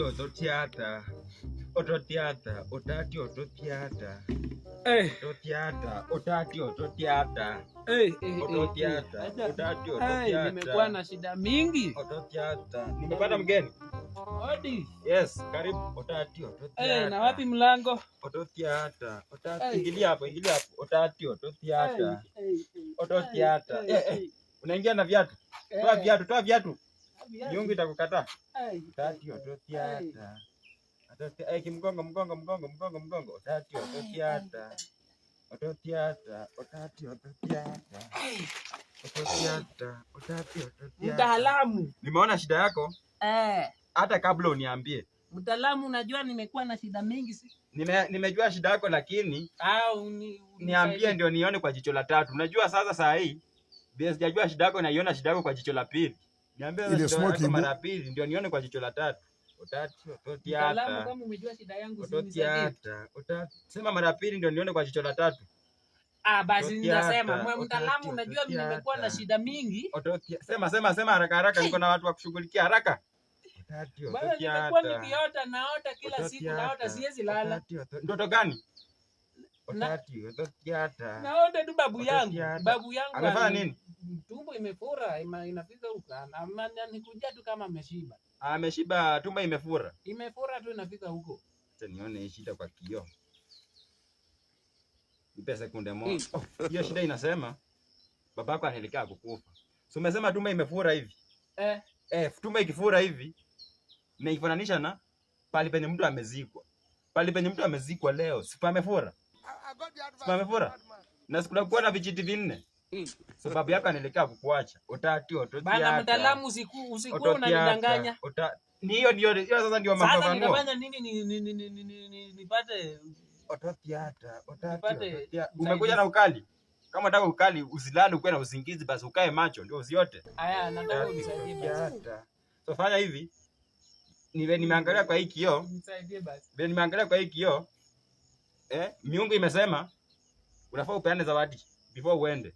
otati oto tiata otati oto tiata otati ototiata ototiata otati tiata. Nimekuwa na shida mingi oto tiata. Nimepata mgeni Odi. Yes, karibu otati tiata. Na wapi mlango? Ototiata. Otati, ingilia hapo, ingilia hapo. Otati oto tiata. Unaingia na viatu. Toa viatu, toa viatu. Jungu itakukataa. Tati watotia hata. Watotia ai kimgongo mgongo mgongo mgongo mgongo. Tati watotia hata. Watotia hata. Watati watotia hata. Watotia hata. Watati watotia. Mtaalamu. Nimeona shida yako. Eh. Hata kabla uniambie. Mtaalamu, unajua nimekuwa na shida mingi si? Nime, nimejua shida yako lakini au ni, niambie ndio nione kwa jicho la tatu. Unajua sasa saa hii sijajua shida yako naiona shida yako kwa jicho la pili ile smoke mara pili ndio nione kwa jicho la tatu. Sema mara pili ndio nione kwa jicho la tatu. Ah, basi ninasema mwe mtaalamu, unajua mimi nimekuwa na shida mingi. Sema sema sema haraka haraka, niko na watu wa kushughulikia haraka. Bwana, nimekuwa nikiota naota kila siku, naota siwezi lala. Ndoto gani? Naota tu babu yangu, babu yangu amefanya nini? tumbo imefura ima, inafika huku nikujia tu kama ameshiba. Ah, ameshiba, tumbo imefura, imefura tu inafika huko. Acha nione shida kwa kio. nipe sekunde moja. Oh, hiyo shida inasema babako anaelekea kukufa. So umesema tumbo imefura hivi eh? Eh, tumbo ikifura hivi meifananisha na pali penye mtu amezikwa. Pali penye mtu amezikwa leo, si pamefura? Si pamefura? Na sikula kuwa na vijiti vinne Mm. sababu yako anaelekea kukuacha. Utatiwa tu. Bana mtaalamu, usiku unanidanganya. ndio hiyo sasa ndio mambo yangu. Sasa ninafanya nini ni ni ni nipate Umekuja na ukali. Kama unataka ukali usilale ukiwa na usingizi basi ukae macho ndio usiote. Haya nataka unisaidie So fanya hivi. nimeangalia kwa hii kioo. Nisaidie basi. nimeangalia kwa hii kioo. Eh, miungu imesema unafaa upeane zawadi before uende.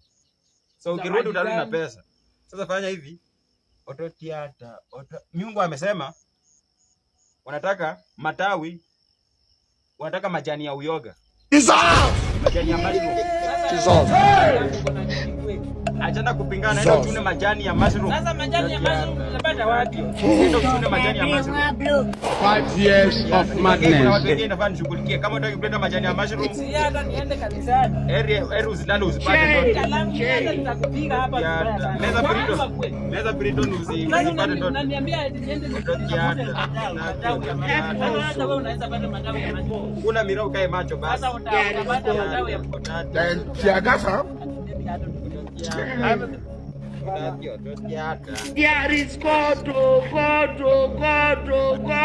So ukirudi utarudi na pesa. Sasa fanya hivi. Ototiata, oto... Mungu amesema wanataka matawi, wanataka majani ya uyoga. Dissolve! Majani ya mushroom. Dissolve! ajana kupingana ndio tune majani ya mushroom. Sasa majani ya mushroom unapata wapi? Ndio tune majani ya mushroom. 5 years of madness. Watu wengine nafaa nishughulikie kama unataka kuleta majani ya mushroom. Si hata niende kanisani. Eri eri usilale usipate ndio. Kalamu kwanza nitakupiga hapa. Leza Bridon. Leza Bridon usipate ndio. Unaniambia eti niende nikanisani. Hata wewe unaweza pata madawa ya macho. Kuna mirau kae macho basi. Sasa utapata madawa ya mkonata. Eh, Kiagasa. Yeah, God is God, oh God, oh God, oh God.